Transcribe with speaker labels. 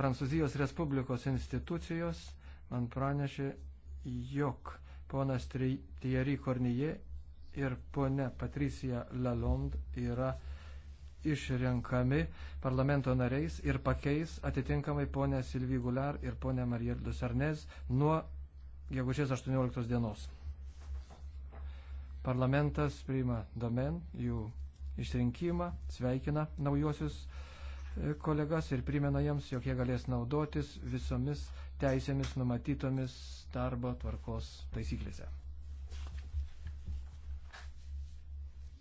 Speaker 1: Prancūzijos Respublikos institucijos man pranešė, jog ponas Thierry Cornije ir ponia Patricija Lalonde yra išrenkami parlamento nariais ir pakeis atitinkamai ponę Silvį Gular ir ponę Mariją Dusarnez nuo gegužės 18 dienos. Parlamentas priima domen jų išrinkimą, sveikina naujosius kolegas ir primena jiems, jog jie galės naudotis visomis teisėmis numatytomis darbo tvarkos taisyklėse.